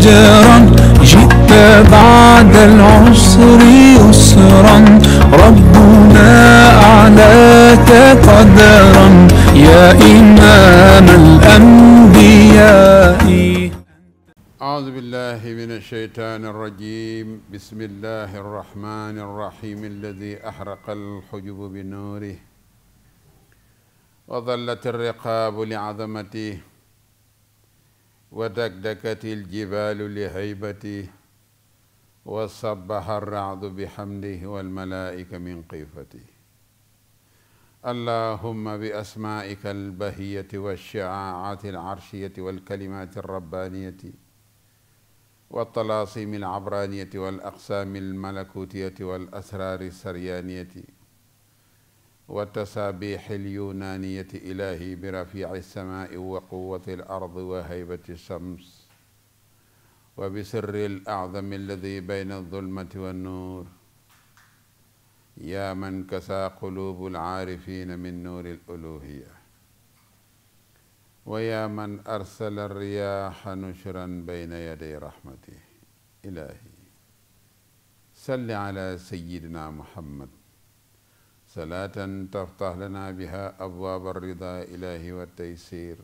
فجرا جئت بعد العسر يسرا ربنا أعلاك قدرا يا إمام الأنبياء أعوذ بالله من الشيطان الرجيم بسم الله الرحمن الرحيم الذي أحرق الحجب بنوره وظلت الرقاب لعظمته ودكدكت الجبال لهيبته وسبح الرعد بحمده والملائكة من قيفته اللهم بأسمائك البهية والشعاعات العرشية والكلمات الربانية والطلاسيم العبرانية والأقسام الملكوتية والأسرار السريانية wa tasaabiixi lyunaaniyati ilaahi bi rafiici samaai wa quwati alardi wa haybati shams wa bi sirri alacdami alladi bayna aldulmati wannuur yaa man kasaa quluubu alcaarifiina min nuuri aluluhiya wa yaa man arsala alriyaaxa nushran bayna yaday raxmati ilaahi salli ala sayidina muhammad salaatan taftax lana biha abwaaba rida ilahi wa taysir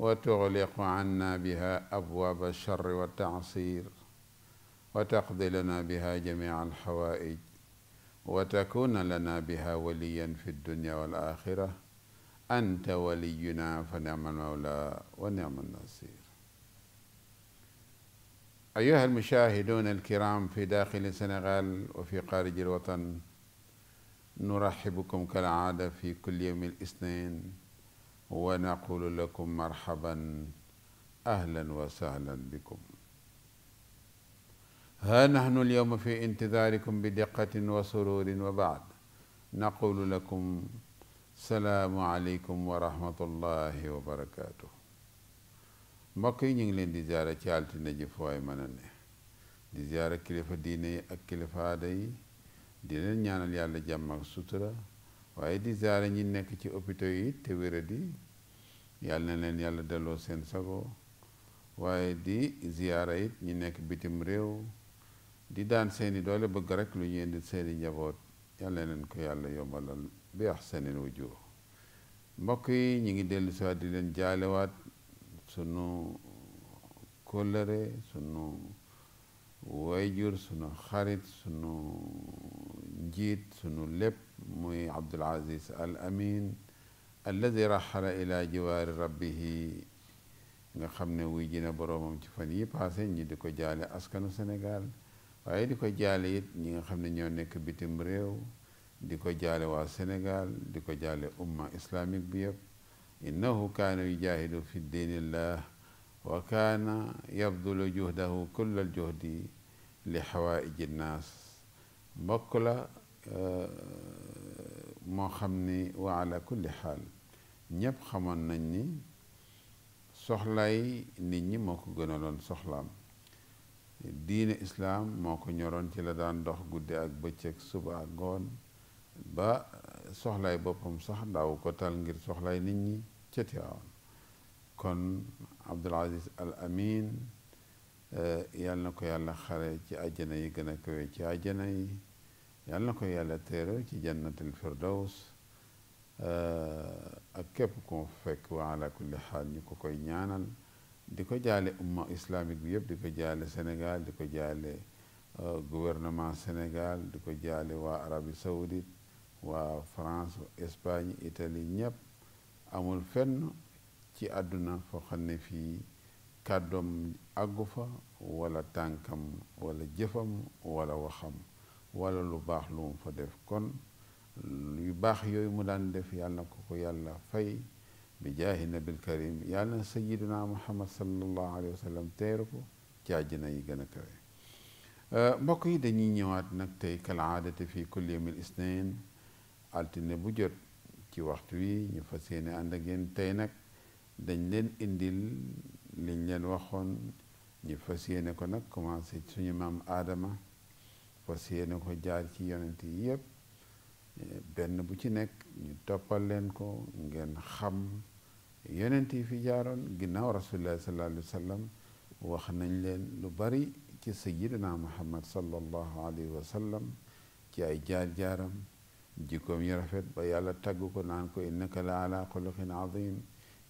wa tuxliqu anna biha abwaaba charri wa taasir wa taqdi lana biha jamica alxawaaij wa takuna lana biha waliyan fi dunya wal axira anta waliyuna fa nicma almawla wa nicma alnasir ayuha almushahiduna alkiram fi daxili senegal wa fi xaariji alwatan nuraxibukum kal aada fi kulli yawmi al isnain wa naqulu lakum marxaban ahlan wa sahlan bikum ها نحن اليوم في انتظاركم بدقة وسرور وبعد نقول لكم السلام عليكم ورحمة الله وبركاته mbokk yi ñu ngi leen di ziyaara ci altine ji fu waay mën a ne di ziyaara kilifa diine yi ak kilifa aada yi di leen ñaanal yàlla jàmm ak sutura waaye di ziare ñi nekk ci hôpitaux yi te wéradi yàlla na leen yàlla delloo seen sago waaye di ziara it ñi nekk bitim réew di daan seeni doole bëgg rek lu ñu di seeni njaboot yàlla na leen ko yàlla yombalal bi ahsanil wujuh mbokk yi ñu ngi dellu siwaat di leen jaalewaat sunu kóllëre sunu wayjur sunu xarit sunu njiit sunu lépp muy Abdul Aziz Al Amin alladi raxala ila jiwaari rabbihi nga xam ne wuy jina boroomam ci fan yi passé di ko jaale askanu Sénégal waaye di ko jaale it ñi nga xam ne ñoo nekk bitim di ko jaale waa Sénégal di ko jaale umma islamique bi yëpp innahu kaana yujaahidu fi diinillah wa kaana yabdulu juhdahu kullal juhdi li xawaaiji nnaas mbokk Euh, moo xam ni wa ala kulli xaal ñépp xamoon nañ ni soxlaay nit ñi moo ko gënaloon soxlaam diine islaam moo ko ñoroon ci la daan dox guddi ak bëccëg suba ak ngoon ba soxlaay boppam sax daaw ko tal ngir soxlaay nit ñi ca Tiwaawan kon Abdul Aziz Al Amin euh, yàlla na ko yàlla xare ci àjjana yi gën a kawe ci àjjana yi yàlla na ko yàlla teere ci jannatul firdaws eh, ak képp ko fekk wa ala kulli xaal ñu ko koy ñaanal di ko jaale umma islamique yëpp di ko jaale Sénégal di ko jaale eh, gouvernement Sénégal di ko jaale waa Arabie Saoudite waa France Espagne Italie ñëpp amul fenn ci àdduna foo xam ne fii kàddoom àggu fa wala tànkam wala jëfam wala waxam wala lu baax lu mu fa def kon yu baax yooyu mu daan def yàlla na ko ko yàlla fay bi jaahi nabil karim yàlla na sayiduna muhammad sallallahu alayhi wa sallam teeru ko ci àjjana yi gën a kawe euh, mbokk yi dañuy ñëwaat nag tey kal aadati fi kulli yawmil isnain bu jot ci waxtu wi ñu fas yéene ànd ak yéen tey nag dañ leen indil liñ leen waxoon ñu fas yéene ko nag commencé suñu maam aadama fas yéene ko jaar ci yonent yi benn bu ci nekk ñu toppal leen ko gen xam yonent fi jaaroon ginnaaw rasulillah sallallahu alayhi wa sallam wax nañ leen lu bari ci sayidina muhammad sallallahu alayhi wa sallam ci ay jaar-jaaram jikkoom yi rafet ba yàlla tagg ko naan ko innaka la ala xuluqin azim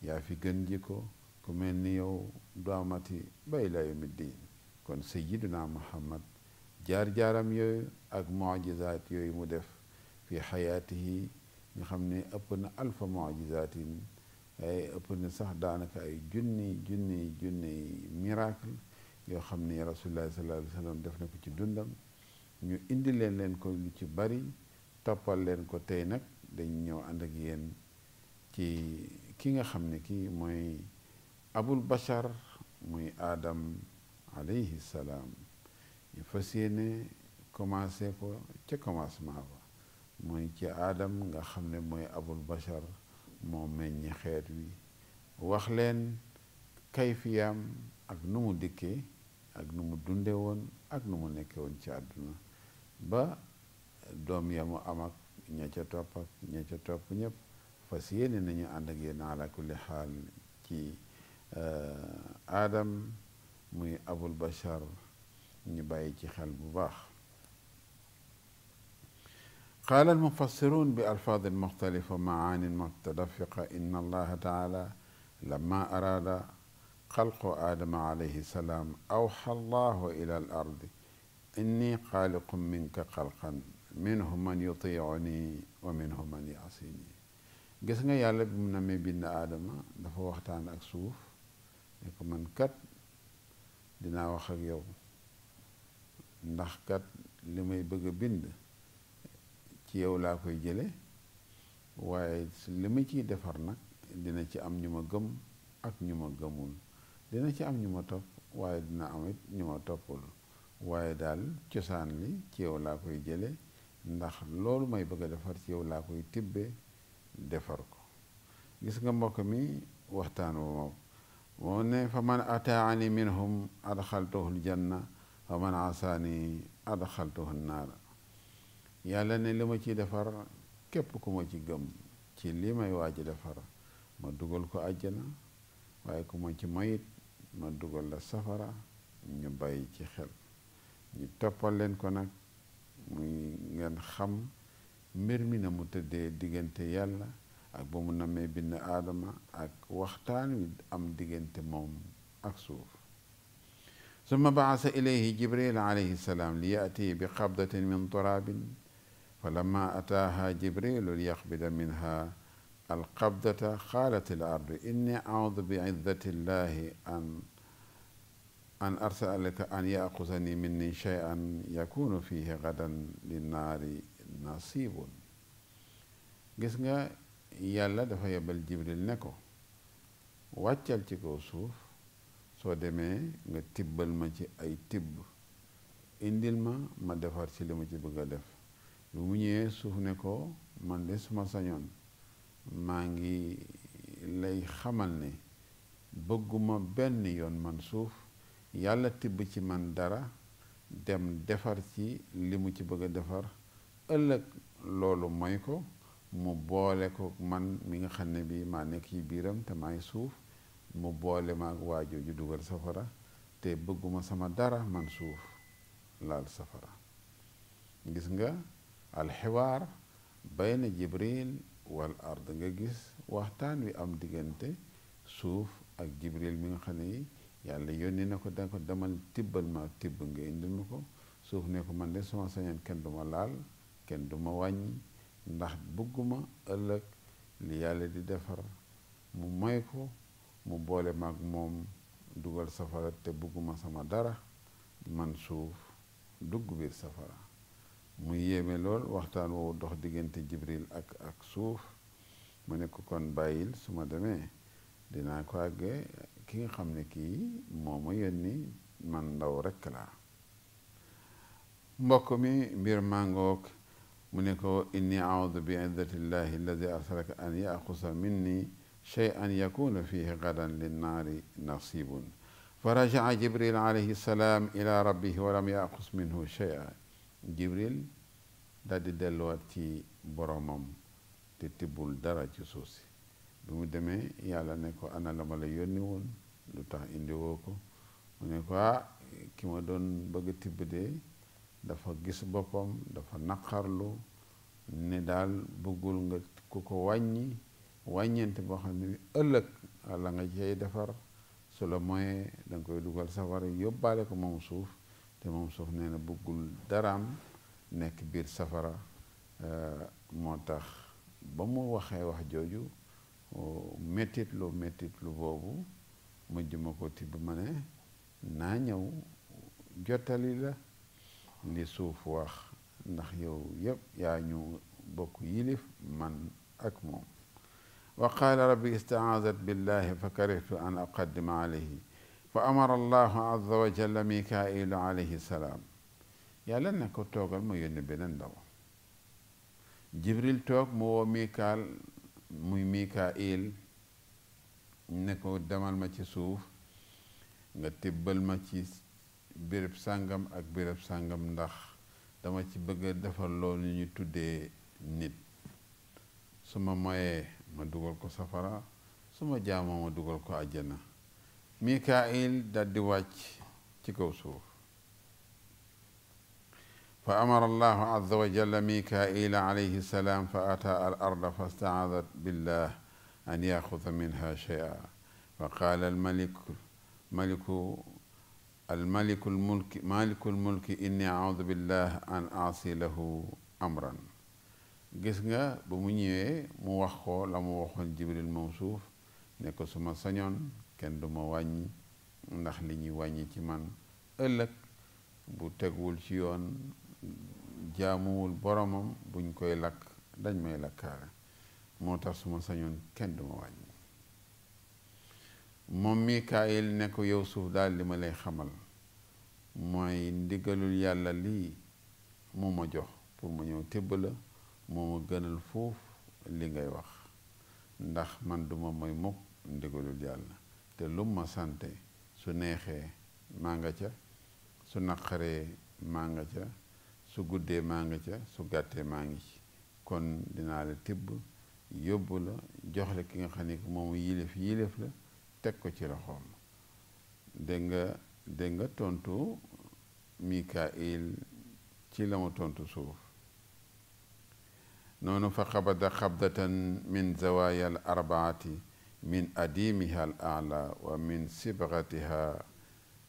yaa fi gën jiko ku mel ni yow doomati bay la yawmi diin kon sayidina muhammad jaar-jaaram yooyu ak mujizaat yooyu mu def fi xayaatihi nga xam ne ëpp na alfa mujizaatin ay ëpp na sax daanaka ay junni junni junni miracle yoo xam ne rasulullah sallallahu alayhi wa sallam def na ko ci dundam ñu indi leen leen ko lu ci bari toppal leen ko tey nag dañ ñëw ànd ak yéen ci ki nga xam ni kii mooy abul bashar muy aadam alayhi salaam ñu fas yéene commencé ko ca commencement ba mooy ci aadam nga xam ne mooy abul bashar moo meññ xeet wi wax leen kayfiyaam ak nu mu dikkee ak nu mu dunde woon ak nu mu nekke woon ci àdduna ba doom ya mu am ak ña ca topp ak ca topp ñëpp fas yéene nañu ànd ak yéen ala xaal ci aadam euh, muy abul bashar ñu bàyyi ci xel bu baax qaala almufassiruun bi alfaadin muxtalifa macaanin mutadafiqa inna allaha taala lama araada xalqu aadama alayhi salaam awxa allahu ila al ardi inni xaaliqu minka xalqan minhu man yutiicuni wa minhu man yaasini gis nga yàlla bi mu namee bind aadama dafa waxtaan ak suuf ne ko man kat dinaa wax ak yow ndax kat li may bëgg a bind ci yow laa koy jële waaye li ma ciy defar nag dina ci am ñu ma gëm ak ñu ma gëmul dina ci am ñu ma topp waaye dina am it ñu ma toppul waaye daal cosaan li ci yow laa koy jële ndax loolu may bëgg a defar ci yow laa koy tibbe defar ko gis nga mbokk mi waxtaan wu moom moo ne fa man ataani minhum adxaltuhul janna wa man asaani naa naara yàlla ne li ci ciy defar képp ku ma ci gëm ci lii may waaj a defar ma dugal ko àjjana waaye ku ma ci mayit ma dugal la safara ñu bàyyi ci xel ñu toppal leen ko nag muy ngeen xam mbir mi na mu tëddee diggante yàlla ak ba mu namee bind aadama ak waxtaan wi am diggante moom ak suuf summa bacasa ilayhi jibril alayhi salaam li yatii bi qabdatin min turaabin fa lamma ataaha jibrilu liyaxbida minha alqabdata qaalat il ardu inni audu bi izzati llahi an an arsalaka an yaaqusani minni cheyan yakunu fihi gadan linnaari nasibun gis nga yàlla dafa yebal jibril ne ko wàccal ci kaw suuf soo demee nga tibbal ma ci ay tibb indil ma ma defar ci li ma ci bëgg a def lu mu ñëwee suuf ne ko man de suma sañoon maa ngi lay xamal ne bëgguma benn yoon man suuf yàlla tibb ci man dara dem defar ci limu ci bëgg a defar ëllëg loolu mooy ko mu boole ko man mi nga xam ne bii maa nekk ci biiram te maay suuf mu boole ma ak waa dugal safara te bëgguma sama dara man suuf laal safara gis nga alxiwaar na jibril wal ard nga gis waxtaan wi am diggante suuf ak jibril mi nga xam ne yàlla yónni na ko da ko demal tibbal ma ak tibb nga indil ma ko suuf ne ko man de suma sañoon kenn duma laal kenn duma wàññi ndax bëgguma ëllëg li yàlla di defar mu may ko mu boole maag moom dugal safara te bugguma sama dara man suuf dugg biir safara mu yéeme lool waxtaan woowu dox diggante jibril ak ak suuf mu ne ko kon bàyyil su ma demee dina ko àgge ki nga xam ne kii moo ma ni man ndaw rekk la mbokk mi mbir màngoog mu ne ko inni audu bi izzatillahi alladi arsalaka an yaxusa minni شيئا يكون فيه غدا للنار نصيب فرجع جبريل عليه السلام إلى ربه ولم يأخذ منه شيئا جبريل daal di delluwaat ci boromam te tibbul dara ci suuf si mu demee yàlla ne ko ana la ma la yónni lu tax indi woo ko mu ko ah ki doon bëgg tibb de dafa gis boppam dafa naqarlu ne daal bëggul nga ku ko wàññi wàññeent boo xam ne ëllëg la nga cay defar su la moyee da koy dugal safara yóbbaale ko moom suuf te moom suuf nee na bëggul daraam nekk biir safara euh, moo tax ba mu waxee wax jooju euh, mettit lu lu boobu mujj ma ko tibb ma ne naa ñëw jottali la li suuf wax ndax yow yëpp yaa ñu bokk yilif man ak moom wa qaala rabbi istaazat billahi fa karihtu an aqaddima alayhi fa amara allahu wa jalla mikailu alayhi salaam yàlla ne ko toogal mu yónni beneen ndaw jibril toog mu woo mikaal muy mikail ne ko demal ma ci suuf nga tibbal ma ci béréb sàngam ak béréb sàngam ndax dama ci bëgg defar loo loolu ñu tuddee nit suma ma moyee ma dugal ko safara suma jaamoo ma dugal ko àjjana mikail daldi wàcc ci kaw suuf fa amara allahu azza wa jalla mikaila alayhi salaam fa ataa al arda fa staadat billah an yaxuda minha shay'a fa qaala al maliku maliku الملك الملك مالك الملك إني أعوذ بالله أن أعصي له أمرا gis nga ba mu ñëwee mu wax ko la mu waxoon Jibril moom suuf ne ko suma sañoon kenn du ma wàññi ndax li ñuy wàññi ci man ëllëg bu tegwul ci yoon jaamuwul boromam buñ koy lakk dañ may lakkaare moo tax su sañoon kenn du ma wàññi moom Mikaayil ne ko yow suuf daal li ma lay xamal mooy ndigalul yàlla lii mu ma jox pour ma ñëw tébb la mooma gënal foofu li ngay wax ndax man duma mooy mukk ndigalul yàlla te lu ma sante su neexee maa nga ca su naqaree maa nga ca su guddee maa nga ca su gàttee maa ngi ci kon dinaa la tibb yóbbu la jox la ki nga xam ne moomu yilif yilif la teg ko ci loxoom dégg nga tontu Mikaayil ci la ma tontu suuf noonu fa xabada xabdatan min zawaaya al arbaati min adimiha al ala wa min sibratiha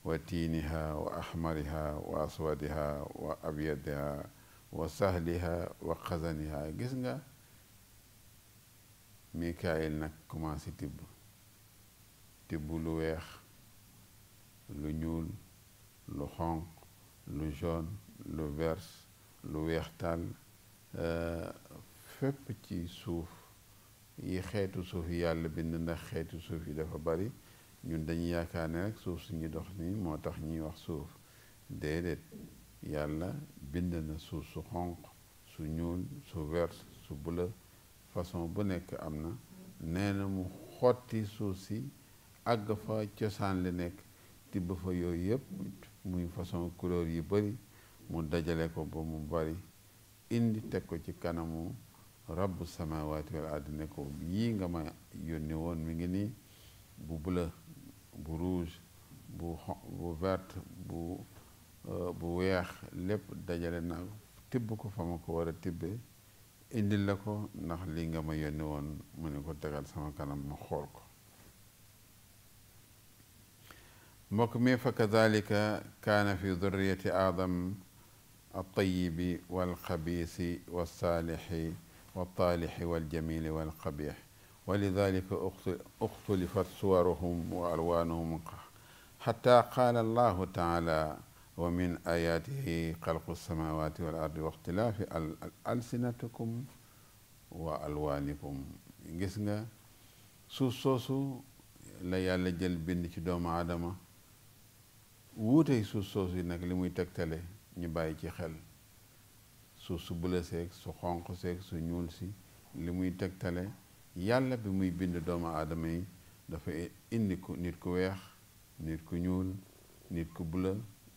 wa tiiniha wa ahmariha wa aswadiha wa abyadiha wa sahliha wa xasaniha gis nga mikaayil nag commencé tibb tibb lu weex lu ñuul lu xonq lu jaune lu vert lu weex tàll euh, fépp ci suuf yi xeetu suuf yi yàlla bind ndax xeetu suuf yi dafa bari ñun dañuy yaakaar ne rek suuf suñu dox nii moo tax ñuy wax suuf déedéet yàlla bind na suuf su xonq su ñuul su vert façon bu nekk am na nee na mu xotti suuf si àgg fa cosaan li nekk tibb fa yooyu yëpp muy façon couleur yi bari mu dajale ko ba mu bari indi teg ko ci kanamu rabb samawaati wal ardi ne ko yii nga ma yónni woon mi ngi nii bu bleu bu rouge bu xonq bu vert bu euh, bu weex lépp dajale naa ko tibb ko fa ma ko war a tibbee indil la ko ndax lii nga ma yónni woon mu ne ko tegal sama kanam ma xool ko mbokk mi fa kadalika kaana fi durriyati aadam altayibi walxabiisi walsaalixi waltaalixi waljamili walqabix walidalika uxtulifat suwaruhum wa alwaanuhum xata qaala allahu taala wa min ayaatihi xalqu samawati wal ardi wa ixtilaafi alsinatikum wa alwaanikum gis nga suuf soosu la yàlla jël bind ci doomu aadama wuutey suuf soosu yi nag li muy tegtale ñu bàyyi ci xel su subula seeg su xonq seeg su ñuul si li muy tegtale yàlla bi muy bind dooma aadama yi dafa indi ku nit ku weex nit ku ñuul nit ku bula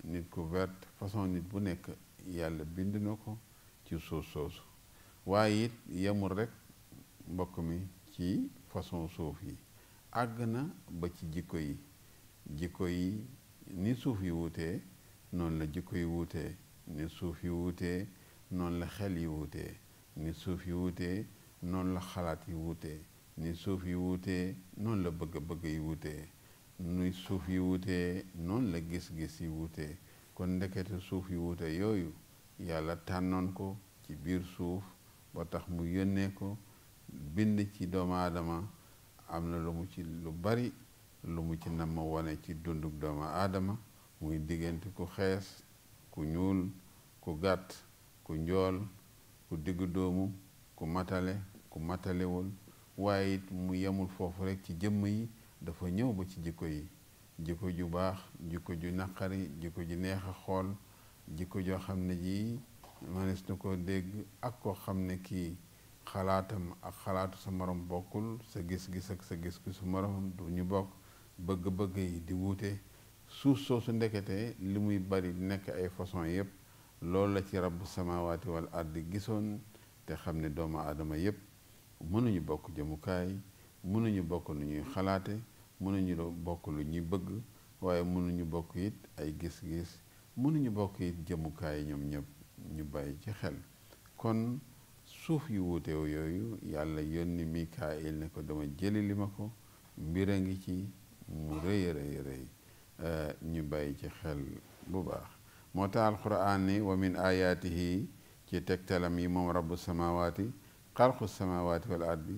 nit ku vert façon nit bu nekk yàlla bind na ko ci suuf soosu waaye it yemul rekk mbokk mi ci façon suuf yi àgg na ba ci jikko yi jikko yi ni suuf yi wuutee noonu la jikko yi wuutee ni suuf yi wuutee noonu la xel yi wuutee ni suuf yi wuutee noonu la xalaat yi wuutee ni suuf yi wuutee noonu la bëgg-bëgg yi wuutee ni suuf yi wuutee noonu la gis-gis yi wuutee kon ndeketu suuf yi wuute yooyu yàlla tànnoon ko ci biir suuf ba tax mu yónnee ko bind ci doomu aadama am na lu mu ci lu bari lu mu ci nam ma wone ci dunduk doomu aadama muy diggante ku xees ku ñuul ku gàtt ku njool ku diggu doomu ku matale ku matalewul waaye it mu yemul foofu rekk ci jëmm yi dafa ñëw ba ci jikko yi jikko ju baax jikko ju naqari jikko ju neex a xool jikko joo xam ne ji manes na ko dégg ak koo xam ne kii xalaatam ak xalaatu sa morom bokkul sa gis-gis ak sa gis gisu moromam du ñu bokk bëgg-bëgg yi di wuute suuf soo soosu ndekete li muy bari nekk ay façon yépp loolu la ci rabbu samawaati wal ardi gisoon te xam ne doomu aadama yépp mënuñu bokk jëmukaay mënuñu bokk nu ñuy xalaate mënuñu bokk lu ñuy bëgg waaye mënuñu bokk it ay gis-gis mënuñu bokk it jëmukaay ñoom ñëpp ñu bàyyi ci xel kon suuf yu wuutewu yooyu yàlla yónni Mikaayil ne ko dama jëli li ma ko mbir a ngi ci mu rëy rëy rëy eh, ñu bàyyi ci xel bu baax moo tax alquran wa min ayaatihi ci tegtalam yi moom rabu samawaati xalqu samawaati wal ardi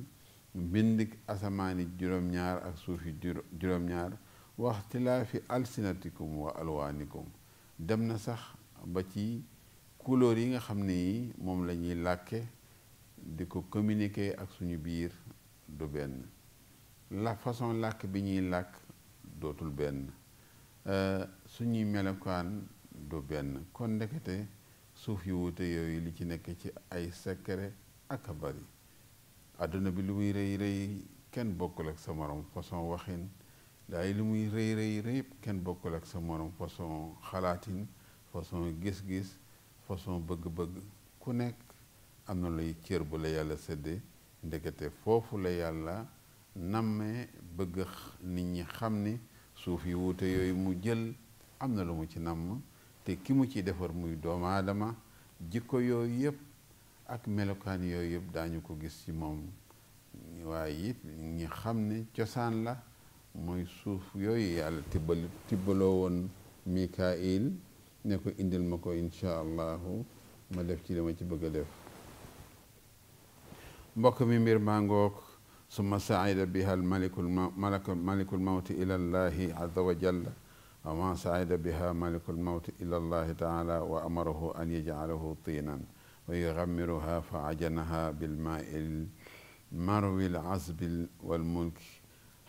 mbindik asamaani juróom-ñaar ak suufi juróom-ñaar waxtilaafi alsinatikum wa alwaanikum dem na sax ba ci couleur yi nga xam ne yi moom lañuy ñuy làkke di ko communiquer ak suñu biir du benn façon làkk bi ñuy làkk dootul benn euh, suñuy melokaan du benn kon ndekete suuf yu wuute yooyu li ci nekk ci ay secret ak a bari àdduna bi lu muy rëy rëy kenn bokkul ak sa morom façon waxin daay lu muy rëy rëy rëy kenn bokkul ak sa moroom façon xalaatin façon gis-gis façon bëgg-bëgg ku nekk am na luy cër bu la yàlla séddee ndekete foofu la yàlla nammee bëgg nit ñi xam ni suuf yu wuute yooyu mu jël am na lu mu ci namm te ki mu ciy defar muy doomu aadama jikko yooyu yëpp ak melokaan yooyu yëpp daañu ko gis ci moom waaye it ñi xam ni cosaan la mooy suuf yooyu yàlla tibbaloo woon Mikaayil ne ko indil ma ko incha allahu ma def ci li ma ci bëgg a def mbokk mi mbir maa ngoog summa saida biha almaliku malakul mawti ila allahi azza wa jalla wa ma saida biha maliku lmawti ila allahi taala wa amarahu an yajcalahu tiinan wa yuxammiruha fa ajanaha bilmaai marwi lazbi walmulk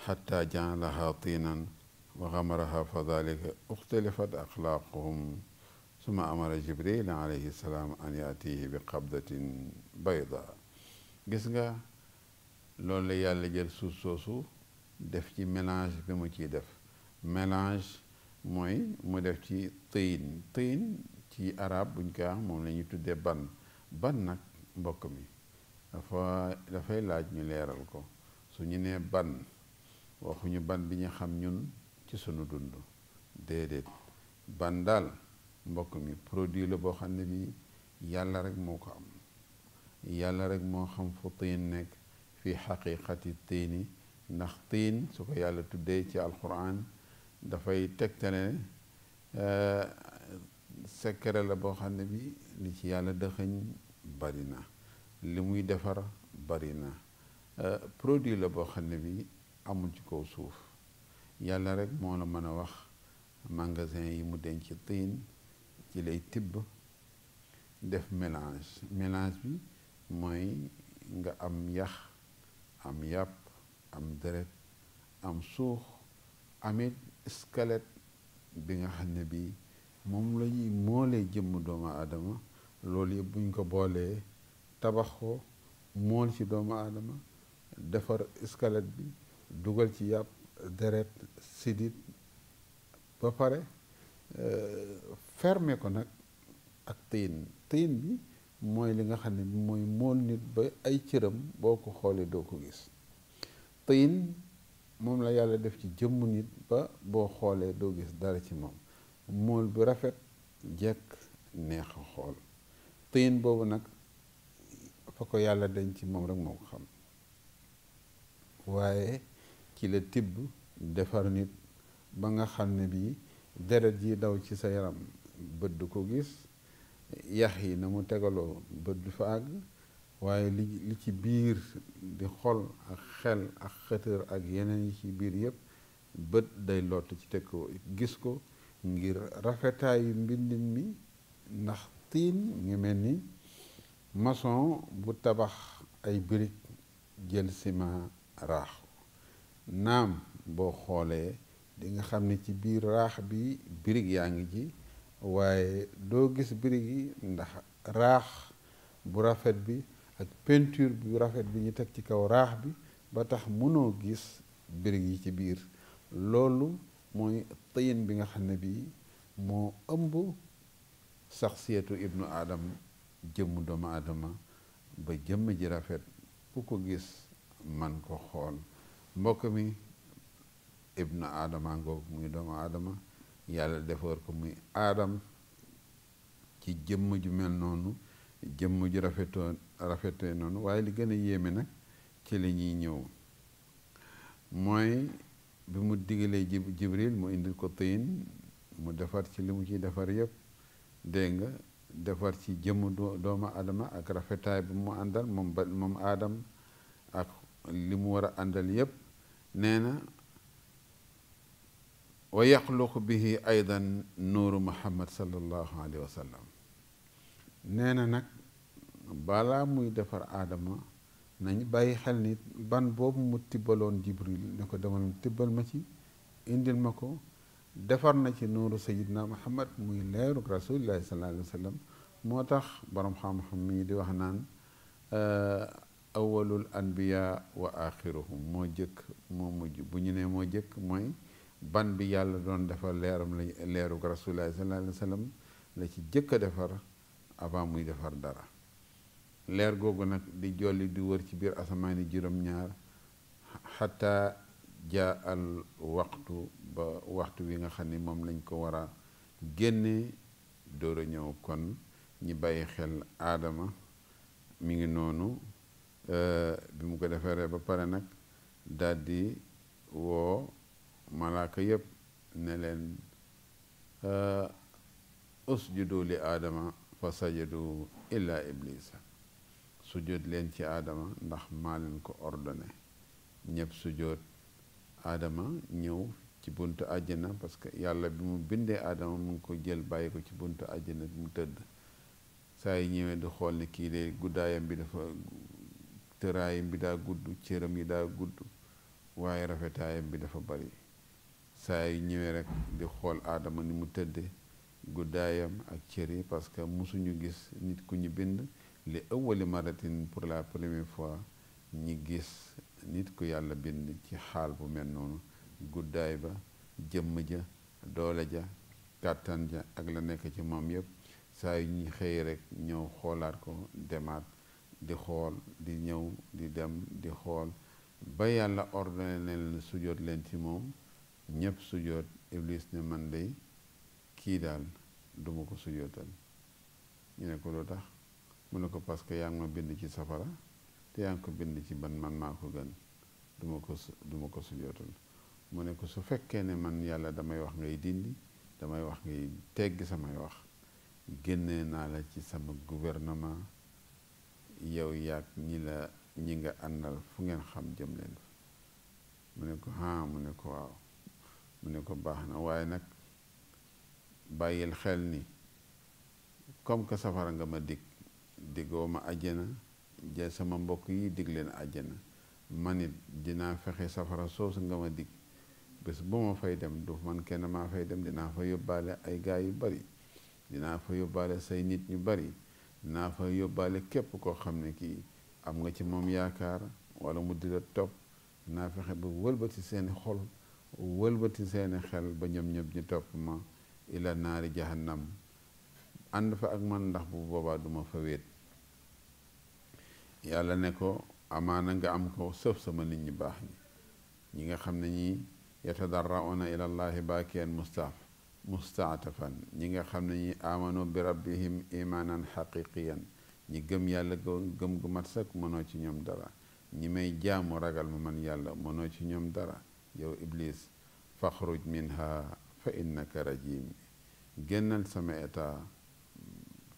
xata jacalaha tiinan wa xamaraha fa dalika uxtalifat axlaaquhum suma amara jibril alayhi salaam an yaatihi bi qabdatin bayda gis nga loolu la yàlla jël suuf soosu def ci mélange bi mu ciy def mélange mooy mu def ci tëyin tëyin ci araab buñ koy wax moom lañuy tuddee ban ban nag mbokk mi dafa dafay laaj ñu leeral ko su ñu nee ban waxuñu ban bi ñu xam ñun ci sunu dund déedéet ban daal mbokk mi produit la boo xam ne bi yàlla rek moo ko am yàlla rek moo xam fu tiin nekk fi xaqiqati tiini ndax tiin su ko yàlla tuddee ci alquran dafay tegtale ne euh, secret la boo xam ne bi li ci yàlla dëxëñ bari na li muy defar bari na euh, produit la boo xam ne bi amul ci kaw suuf yàlla rek moo la mën a wax magasin yi mu denc ci tiin ci lay tibb def mélange mélange bi mooy nga am yax am yàpp am deret am suux amit squelette bi nga xam ne bii moom lañuy ñuy moolee jëmm doomu aadama loolu yëpp buñ ko boolee tabax ko mool ci doomu aadama defar squelette bi dugal ci yàpp deret sidit ba pare euh, fermer ko nag ak tëyin tëyin bi mooy li nga xam ne bi mooy mool nit ba ay cëram boo ko xoolee doo ko gis moom la yàlla def ci jëmm nit ba boo xoolee doo gis dara ci moom mool bu rafet jekk neex a xool tëyin boobu nag fa ko yàlla dañ ci moom rek moo ko xam waaye ci la tibb defar nit ba nga xam ne bii deret yi daw ci sa yaram bët du ko gis yax yi na mu tegaloo bët du fa àgg waaye li li ci biir di xol ak xel ak xëtër ak yeneen yi ci biir yépp bët day lott ci teg ko gis ko ngir rafetaayu mbindin mi ndax tiin ngi mel ni mason bu tabax ay birig jël sima raax naam boo xoolee di nga xam ni ci biir raax bi birig yaa ngi ci waaye doo gis birig yi ndax raax bu rafet bi ak peinture bu rafet bi ñu teg ci kaw raax bi ba tax mënoo gis birig yi ci biir loolu mooy tëyin bi nga xam ne bii moo ëmb sax saxsiyatu ibnu aadam jëmm doomu aadama ba jëmm ji rafet ku ko gis man ko xool mbokk mi ibnu aadama ngoog muy doomu aadama yàlla defar ko muy aadam ci jëmm ju mel noonu jëmm ju rafetoo rafetee noonu waaye li gën a yéeme nag ci li ñuy ñëw mooy bi mu digalee jibril mu indil ko tëyin mu defar ci li mu ciy defar yëpp dégg nga defar ci jëmm doomu adama ak rafetaay bi mu àndal moom aadam ak li mu war a àndal yépp nee na wa yaxluqu bihi aydan nuuru muhammad sallallahu alayhi wa sallam nag balaa muy defar aadama nañ bàyyi xel nit ban boobu mu tibbaloon jibril ne ko demal tibbal ma ci indil ma ko defar na ci nuuru sayidna muhammad muy leeru rasulillahi sallallahu alayhi wa sallam moo tax boroom xam-xam mi di wax naan euh, awalul anbiya wa axiruhum moo jëkk moo mujj bu ñu nee moo jëkk mooy ban bi yàlla doon defar leeram la leeru rasulillahi sallallahu alayhi wa sallam la ci jëkk a defar avant muy defar dara leer googu nag di jolli di wër ci biir asamaani juróom-ñaar xataa jaa al waxtu ba waxtu wi nga xam ni moom lañ ko war a génne door ñëw kon ñi bàyyi xel aadama mi ngi noonu euh, bi mu ko defaree ba pare nag daldi woo malaaka yépp ne leen euh, usjudu li aadama fa sajadu illa iblisa sujjóot leen ci aadama ndax maa ko ordone ñëpp sujjóot aadama ñëw ci buntu àjjana parce que yàlla bi mu bindee aadama mu ngi ko jël bàyyi ko ci buntu àjjana mu tëdd saa yi ñëwee du xool ne kii de guddaayam bi dafa tëraayam bi daa gudd cëram yi daa gudd waaye rafetaayam bi dafa bari saa yi ñëwee rek di xool aadama ni mu tëdde guddaayam ak cër yi parce que musuñu gis nit ku ñu bind li awali maratin pour la première fois ñi gis nit ku yàlla bind ci xaal bu mel noonu guddaay ba jëmm ja doole ja kàttan ja ak la nekk ci moom yépp saa yu ñu xëy rekk ñëw xoolaat ko demaat di xool di ñëw di dem di xool ba yàlla ordonné leen sujoot leen ci moom ñépp sujoot iblis ne man day kii daal duma ko sujootal ñu ne ko lu tax mu ne ko parce que yaa ngi ma bind ci safara te yaa ngi ko bind ci ban man maa ko gën duma ko su duma ko sujootal mu ne ko su fekkee ne man yàlla damay wax ngay dindi damay wax ngay teggi samay wax génnee naa la ci sama gouvernement yow yaag ñi la ñi nga àndal fu ngeen xam jëm leen fa mu ne ko ah mu ne ko waaw mu ne ko baax na waaye nag bàyyil xel ni comme que safara nga ma dikk diggoo ma àjjana ja sama mbokk yi digleen leen àjjana manit dinaa fexe safara soosu nga ma dig bés bu ma fay dem du man kenn maa fay dem dinaa fa yóbbaale ay gaay yu bari dinaa fa yóbbaale say nit ñu bari dinaa fa yóbbaale képp koo xam ne kii am nga ci moom yaakaar wala mu di la topp dinaa fexe ba wëlbati seeni xol wëlbati seeni xel ba ñoom ñëpp ñu topp ma ila naari jahannam ànd fa ak man ndax bu boobaa duma fa wéet yàlla ne ko amaana nga am ko sëf sama nit ñi baax ñi ñi nga xam ne ñi yatadarrauna ila llahi bakiyan mustaf mustaatafan ñi nga xam ne ñi amanu bi rabbihim imanan xaqiqiyan ñi gëm yàlla gëm gu mat sëkk mënoo ci ñoom dara ñi may jaamu ragal ma man yàlla mënoo ci ñoom dara yow iblis faxruj minha fa innaka rajim génnal sama état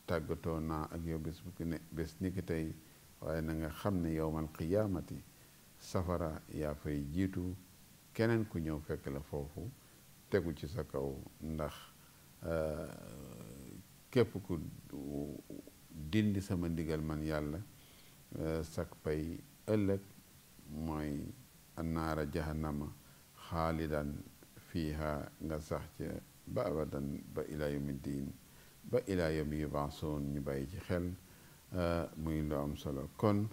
tàggatoo naa ak yow bés ni ki tey waaye na nga xam ne yowmal qiyaamati safara yaa fay jiitu keneen ku ñëw fekk la foofu tegu ci sa kaw ndax euh, képp ku dindi sama ndigal man yàlla euh, sak pay ëllëg mooy annaara jahannama xaalidan fiiha nga sax ca ba abadan ba ilaa yawmi diin ñu bàyyi ci xel Eh, muy lu am solo kon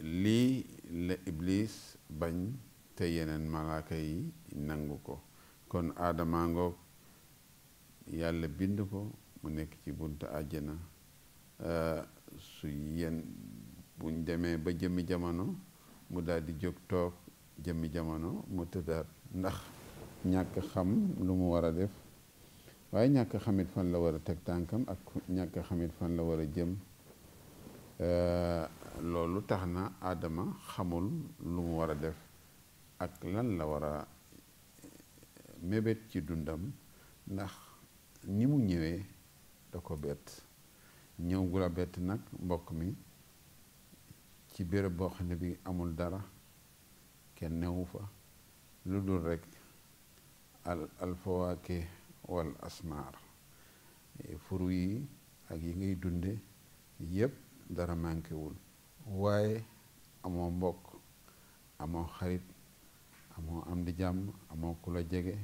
lii la ibliis bañ te yeneen malaaka yi nangu ko kon aadama ngoog yàlla bind ko mu nekk ci buntu àjjana eh, su yen buñ demee ba jëmmi jamono mu daldi di jóg toog jëmmi jamono mu tëddaat ndax ñàkk xam lu mu war a def waaye ñàkk xamit fan la war a teg tànkam ak ñàkk xamit fan la war a jëm euh, loolu tax na aadama xamul lu mu war a def ak lan la war a mébét ci dundam ndax ni mu ñëwee da ko bett ñëw gu la bett nag mbokk mi ci béréb boo xam ne bi amul dara kenn newu fa lu dul rekk al alfawaake wal asmar eh, furu yi ak yi ngay dunde yépp dara mànkewul waaye amoo mbokk amoo xarit amoo am di jàmm amoo ku la jege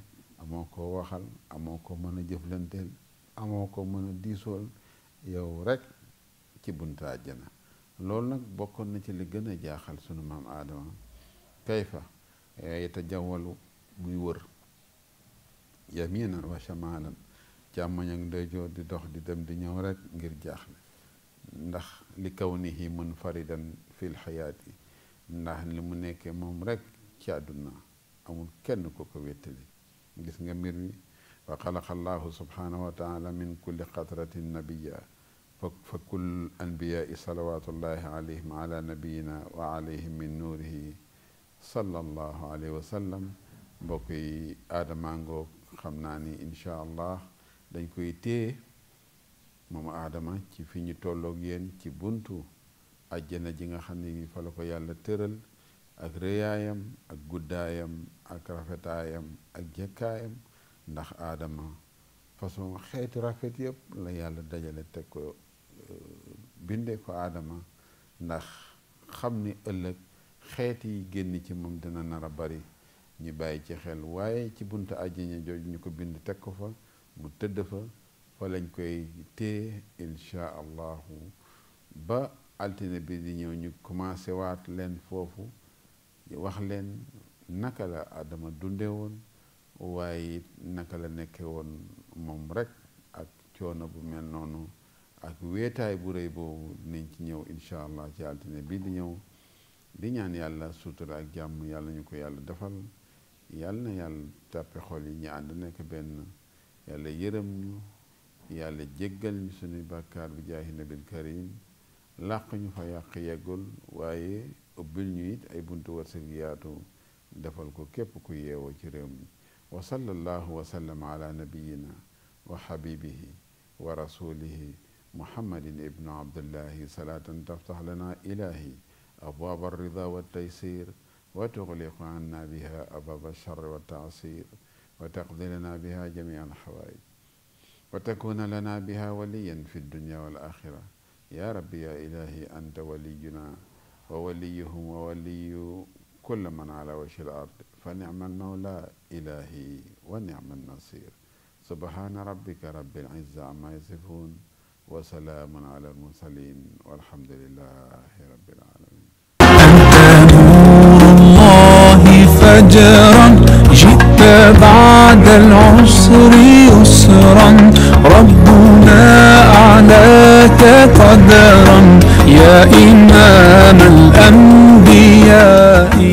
amoo ko waxal amoo ko mën a jëflanteel amoo ko mën a diisool yow rekk ci bunta àjjana loolu nag bokkoon na ci li gën a jaaxal sunu maam fa kayfa eh, yooyu tajawalu muy wër yaminan wa shamalan càmmoñ ak ndeyjoor di dox di dem di ñëw rek ngir jaaxle ndax li kawnihi munfaridan fil xayaati ndax li mu nekkee moom rek ci àdduna amul kenn ko ko wéttali gis nga mbir mi fa xalaqa allahu subhanahu wa taala min kulli qatratin nabiya fa kullu anbiyaai salawatullahi alayhim ala nabiyina wa alayhim min nuurihi sallallahu alayhi wa sallam mbokk yi aadamangoog xam naa ni incha allah dañ koy téye moom aadama ci fi ñu tolloog yéen ci buntu àjjana ji nga xam ne ni fa la ko yàlla tëral ak rëyaayam ak guddaayam ak rafetaayam ak jekkaayam ndax aadama façon xeeti rafet yëpp la yàlla dajale teg ko euh, bindee ko aadama ndax xam ni ëllëg xeeti yi génn ci moom dina nar bari ñu bàyyi ci xel waaye ci buntu àjjana jooju ñu ko bind teg ko fa mu tëdd fa fa lañ koy téye incha allahu ba altine bi di ñëw ñu commencé waat leen foofu wax leen naka la Adama dunde woon waaye it naka la nekkee woon moom rek ak coono bu mel noonu ak weetaay bu rëy boobu dinañ ci ñëw incha allah ci altine bi di ñëw di yàlla sutura ak jàmm yàlla ñu ko yàlla defal yàlla na yàlla tàppe xol yi ñu ànd nekk benn yàlla yërëm ñu yàlla jéggal ñu suñuy bàkkaar bi jaahi nabil karim làq ñu fa yàq yeggul waaye ubbil ñu it ay buntu wërsëg yaatu defal ko képp ku yeewoo ci réew mi wa sallallahu wa sallam ala nabiyina wa habibihi wa rasulihi muhammadin ibnu abdullahi salaatan taftax lana ilahi abwaaba arrida wa taysir wa tuxliqu anna biha ababa charri wa taasir wa taqdi lana biha jamia alxawaij wa takuna lana biha waliyan fi dunya wal axira ya rabbi ya ilahi anta waliyuna wa waliyuhum wa waliyu kulla man ala wajhi al ard fa nicma almawla ilahi wa nicma alnasir subhana rabbika rabbil izza amma yasifun wa salaamun ala almursalin walhamdulilahi rabbil alamin فجرا جئت بعد العسر يسرا ربنا أعلاك قدرا يا إمام الأنبياء